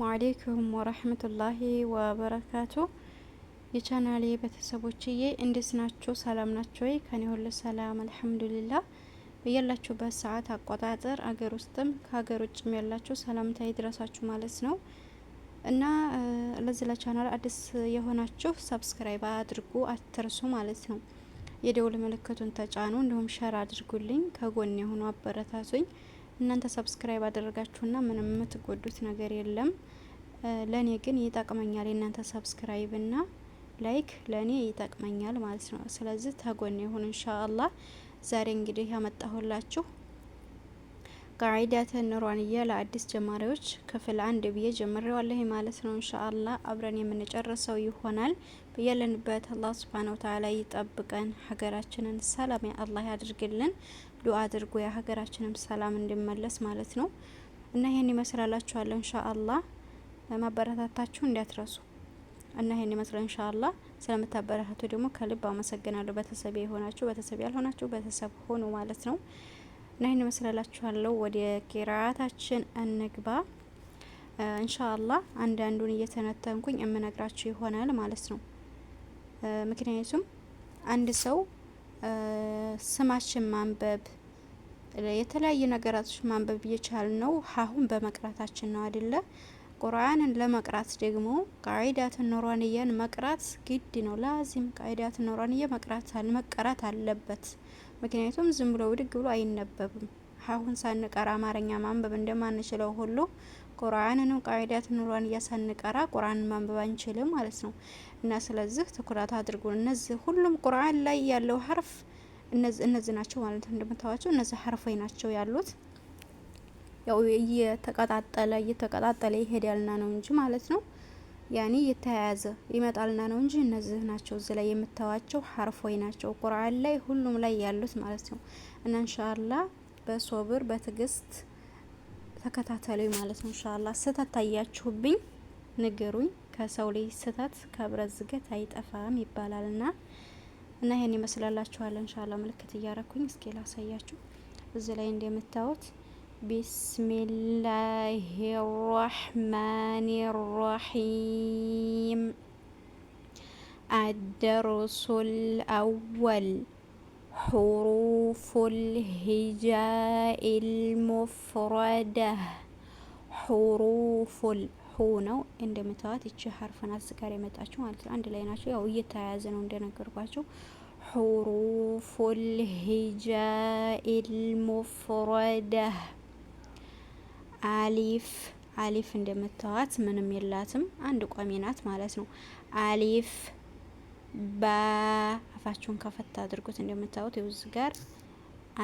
አሰላሙ አሌይኩም ወረህመቱላሂ ወበረካቱ። የቻናሌ ቤተሰቦችዬ እንዴት ናችሁ? ሰላም ናችሁ ወይ? ከኔ ሁሉ ሰላም አልሐምዱሊላ። በያላችሁበት ሰዓት አቆጣጠር አገር ውስጥም ከሀገር ውጭም ያላችሁ ሰላምታ ይድረሳችሁ ማለት ነው እና ለዚህ ለቻናል አዲስ የሆናችሁ ሰብስክራይብ አድርጉ አትርሱ ማለት ነው። የደውል ምልክቱን ተጫኑ፣ እንዲሁም ሸር አድርጉልኝ፣ ከጎን የሆኑ አበረታቱኝ። እናንተ ሰብስክራይብ አደረጋችሁና ምንም የምትጎዱት ነገር የለም። ለእኔ ግን ይጠቅመኛል የእናንተ ሰብስክራይብና ላይክ ለእኔ ይጠቅመኛል ማለት ነው። ስለዚህ ተጎን ይሁን እንሻ ዛሬ እንግዲህ ያመጣሁላችሁ ቃዒዳተ ኑራንያ ለአዲስ ጀማሪዎች ክፍል አንድ ብዬ ጀምሬዋለሁ ማለት ነው። እንሻአላ አብረን የምንጨርሰው ይሆናል። በያለንበት አላህ ስብሓን ወተዓላ ይጠብቀን። ሀገራችንን ሰላም አላህ ያድርግልን። ዱአ አድርጎ የሀገራችንም ሰላም እንዲመለስ ማለት ነው። እና ይሄን ይመስላላችኋል ኢንሻአላህ ማበረታታችሁ እንዳትረሱ እና ይሄን ይመስላል ኢንሻአላህ። ስለምታበረታቱ ደግሞ ከልብ አመሰግናለሁ። በተሰብ የሆናችሁ በተሰብ ያልሆናችሁ በተሰብ ሆኑ ማለት ነው። እና ይሄን ይመስላላችኋል። ወደ ቂራአታችን እንግባ ኢንሻአላህ። አንዳንዱን እየተነተንኩኝ የምነግራችሁ ይሆናል ማለት ነው። ምክንያቱም አንድ ሰው ስማችን ማንበብ የተለያዩ ነገራቶች ማንበብ እየቻል ነው ሀሁን በመቅራታችን ነው አይደለ? ቁርአንን ለመቅራት ደግሞ ቃዒዳትን ኑራንያን መቅራት ግድ ነው። ላዚም ቃዒዳትን ኑራንያ መቅራት መቀራት አለበት። ምክንያቱም ዝም ብሎ ውድግ ብሎ አይነበብም። ሀሁን ሳንቀራ አማርኛ ማንበብ እንደማንችለው ሁሉ ቁርአንንም ቃዒዳትን ኑራንያ ሳንቀራ ቁርአንን ማንበብ አንችልም ማለት ነው። እና ስለዚህ ትኩረት አድርጉ። እነዚህ ሁሉም ቁርአን ላይ ያለው ሀርፍ እነዚህ ናቸው ማለት እንደምታዋቸው እነዚህ ሀርፎች ናቸው ያሉት። ያው እየተቀጣጠለ እየተቀጣጠለ ይሄዳልና ነው እንጂ ማለት ነው ያኔ እየተያያዘ ይመጣልና ነው እንጂ እነዚህ ናቸው እዚህ ላይ የምታዋቸው ሀርፎች ናቸው። ቁርአን ላይ ሁሉም ላይ ያሉት ማለት ነው። እና እንሻላ በሶብር በትግስት ተከታተሉኝ ማለት ነው። እንሻላ ስህተት ታያችሁብኝ ንገሩኝ። ከሰው ልጅ ስህተት ከብረት ዝገት አይጠፋም ይባላልና እና ይሄን ይመስላላችኋል። እንሻላ ምልክት እያረኩኝ እስኪ ላሳያችሁ። እዚህ ላይ እንደምታዩት ቢስሚላሂ ራህማኒ ራሂም አደርሱል አወል حروف الهجاء المفردة حروف ሆ ነው እንደምታዋት ይቺ ሀርፍ ናት ጋር የመጣችው ማለት ነው። አንድ ላይ ናቸው ያው እየተያያዘ ነው እንደነገርኳቸው። ሑሩፉል ሂጃኢል ሙፍረዳ አሊፍ አሊፍ እንደምታዋት ምንም የላትም አንድ ቋሚ ናት ማለት ነው። አሊፍ ባ አፋችሁን ከፈታ አድርጉት እንደምታዩት ይውዝ ጋር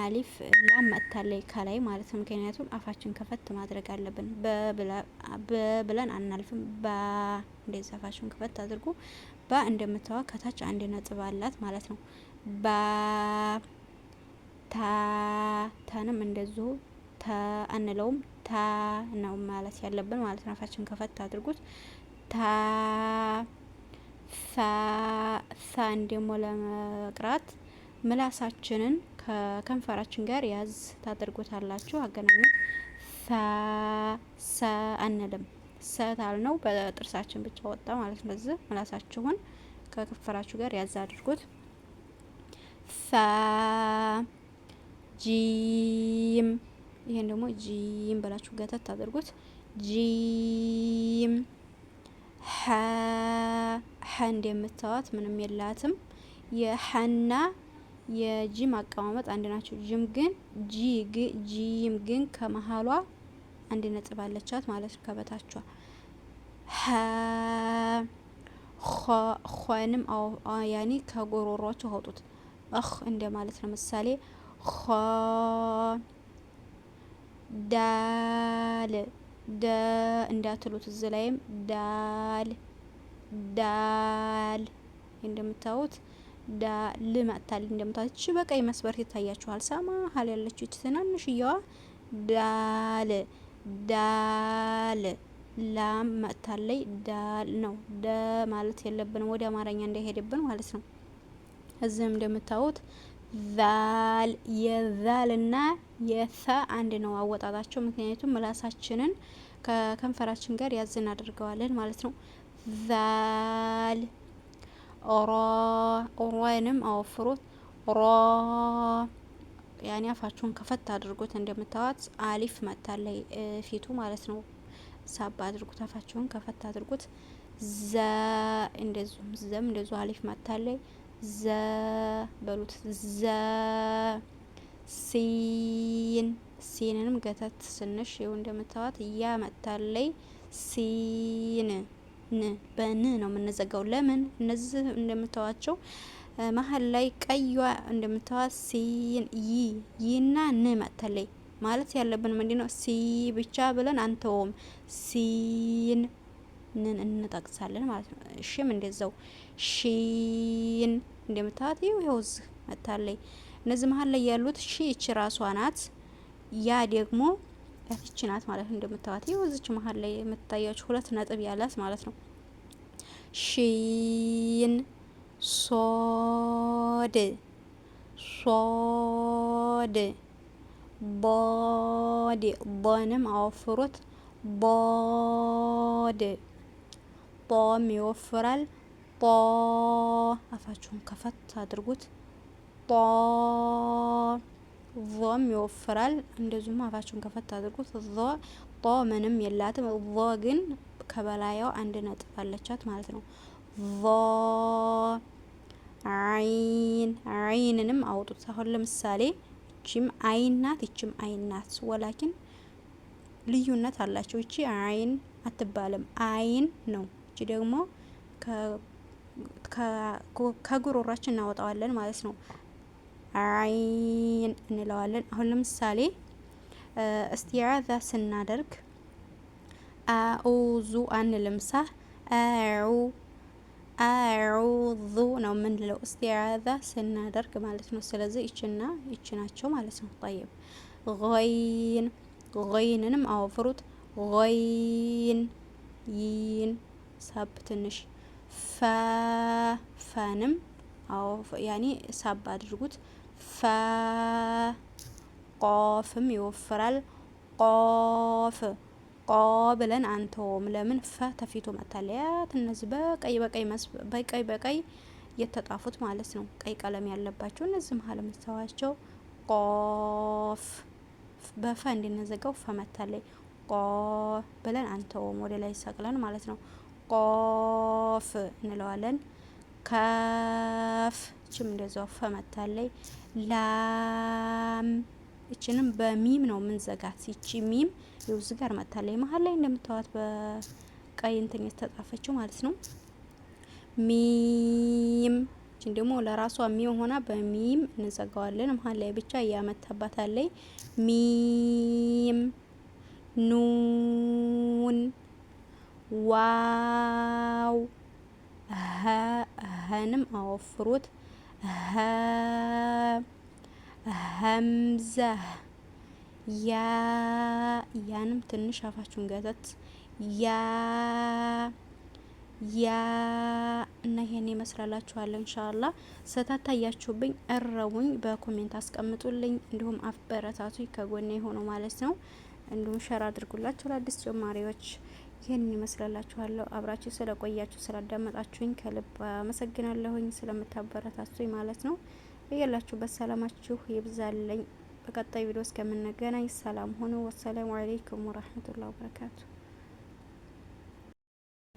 አሊፍ ላም መጥታለች ከላይ ማለት ነው። ምክንያቱም አፋችን ከፈት ማድረግ አለብን። በብለን አናልፍም። ባ አፋችን ከፈት አድርጉ። ባ እንደምታዋ ከታች አንድ ነጥብ አላት ማለት ነው። ባ ታ ታንም እንደዚሁ ታ አንለውም። ታ ነው ማለት ያለብን ማለት ነው። አፋችን ከፈት አድርጉት። ታ ሳ ለመቅራት ምላሳችንን ከከንፈራችን ጋር ያዝ ታደርጎታላችሁ። አገናኙት። ሰ አንልም ሰታል ነው በጥርሳችን ብቻ ወጣ ማለት ነው። እዚህ ምላሳችሁን ከከንፈራችሁ ጋር ያዝ አድርጉት። ፈ ጂም ይሄን ደግሞ ጂም ብላችሁ ገተት ታደርጉት። ጂም ሀ ሀ እንደምታዋት ምንም የላትም የሀና የጂም አቀማመጥ አንድ ናቸው። ጂም ግን ጂም ግን ከመሀሏ አንድ ነጥብ አለቻት ማለት ነው። ከበታቿ ኸንም ያኔ ከጎሮሯቸው አውጡት እህ እንደ ማለት ነው። ምሳሌ ዳል ደ እንዳትሉት እዚ ላይም ዳል ዳል እንደምታዩት ዳል መጥታል እንደምታች በቀይ መስበር ይታያችኋል። ሰማ ሀል ያለችው ትናንሽ ትናንሽየዋ ዳል ዳል ላም መጥታለይ ዳል ነው ደ ማለት የለብንም ወደ አማርኛ እንዳይሄድብን ማለት ነው። እዚህም እንደምታዩት ዛል የዛልና የፈ አንድ ነው አወጣጣቸው። ምክንያቱም ምላሳችንን ከከንፈራችን ጋር ያዝን አድርገዋለን ማለት ነው። ዛል ኦሯይንም አወፍሩት። ሮ ያኔ አፋችሁን ከፈት አድርጉት። እንደምታዋት አሊፍ መታለይ ፊቱ ማለት ነው። ሳባ አድርጉት። አፋችሁን ከፈት አድርጉት። ዘ እንደዚሁም ዘም እንደዙ አሊፍ መታለይ ዘ በሉት። ዘ ሲን ሲንንም ገተት ስንሽ ይኸው እንደምታዋት እያ መታለይ ሲን ን በን ነው የምንዘጋው። ለምን እነዚህ እንደምታዋቸው መሀል ላይ ቀይዋ እንደምታዋት ሲን ይ ይና ን መጥተለይ ማለት ያለብን ምንድ ነው? ሲ ብቻ ብለን አንተውም። ሲን ንን እንጠቅሳለን ማለት ነው። እሺም እንደዛው ሺን እንደምታዋት ይው ይውዝ መጥታለይ። እነዚህ መሀል ላይ ያሉት ሺ እቺ ራሷ ናት። ያ ደግሞ ያቺ ናት ማለት ነው። እንደምታዋት ይኸው እዚች መሀል ላይ የምትታያች ሁለት ነጥብ ያላት ማለት ነው። ሺን ሶድ ሶድ ቦድ ቦንም አወፍሩት ቦድ ቦም ይወፍራል። ቦ አፋችሁን ከፈት አድርጉት ቦ ም ይወፍራል። እንደዚሁም አፋችሁን ከፈት አድርጉት። ጦ ምንም የላትም። ጦ ግን ከበላያው አንድ ነጥብ አለቻት ማለት ነው። አይን አይንንም አውጡት። አሁን ለምሳሌ እችም አይን ናት፣ እችም አይን ናት። ወላኪን ልዩነት አላቸው። እቺ አይን አትባልም፣ አይን ነው። እቺ ደግሞ ከጉሮሯችን እናወጣዋለን ማለት ነው። አይን እንለዋለን። አሁን ለምሳሌ እስቲዓዛ ስናደርግ አኡዙ አንልም። ሳ አዑ አዑዙ ነው የምንለው እስቲዓዛ ስናደርግ ማለት ነው። ስለዚህ ይችና ይች ናቸው ማለት ነው። ጠይብ ይን ይንንም አወፍሩት። ይን ይን ሳብ ትንሽ ፋ ፋንም ያኔ ሳብ አድርጉት። ፋ ቆፍም ይወፍራል። ቆፍ ቆ ብለን አንተውም። ለምን ፈ ተፊቱ መታለያት። እነዚህ በቀይ በቀይ በቀይ በቀይ የተጣፉት ማለት ነው። ቀይ ቀለም ያለባቸው እነዚህ መሀል መስተዋቸው ቆፍ በፈ እንድንዘጋው ፈ መታለይ። ቆ ብለን አንተውም፣ ወደ ላይ ሰቅለን ማለት ነው። ቆፍ እንለዋለን። ከፍ ችም እንደዛው ፈ መታለይ ላም እችንም በሚም ነው የምንዘጋት። ይቺ ሚም የውዝ ጋር መታለች መሀል ላይ እንደምታዋት በቀይ እንትን የተጻፈችው ማለት ነው። ሚም እችን ደግሞ ለራሷ ሚም ሆና በሚም እንዘጋዋለን። መሀል ላይ ብቻ እያመታባታለች። ሚም ኑን ዋው ሀንም አወፍሩት ሀምዛ ያ ያንም ትንሽ አፋችሁን ገተት ያ ያ እና ይሄን ይመስላላችኋል። እንሻላ ስህተት እረቡኝ በኮሜንት አስቀምጡልኝ። እንዲሁም አበረታቱ ከጎኔ የሆኑ ማለት ነው። እንዲሁም ሸር አድርጉላችሁ ለአዲስ ጀማሪዎች ይህንን ይመስላላችኋለሁ። አብራችሁ ስለቆያችሁ ስላዳመጣችሁኝ ከልብ አመሰግናለሁኝ፣ ስለምታበረታቱኝ ማለት ነው። እያላችሁበት ሰላማችሁ ይብዛለኝ። በቀጣይ ቪዲዮ እስከምንገናኝ ሰላም ሆኑ። ወሰላሙ አሌይኩም ወራህመቱላ ወበረካቱሁ።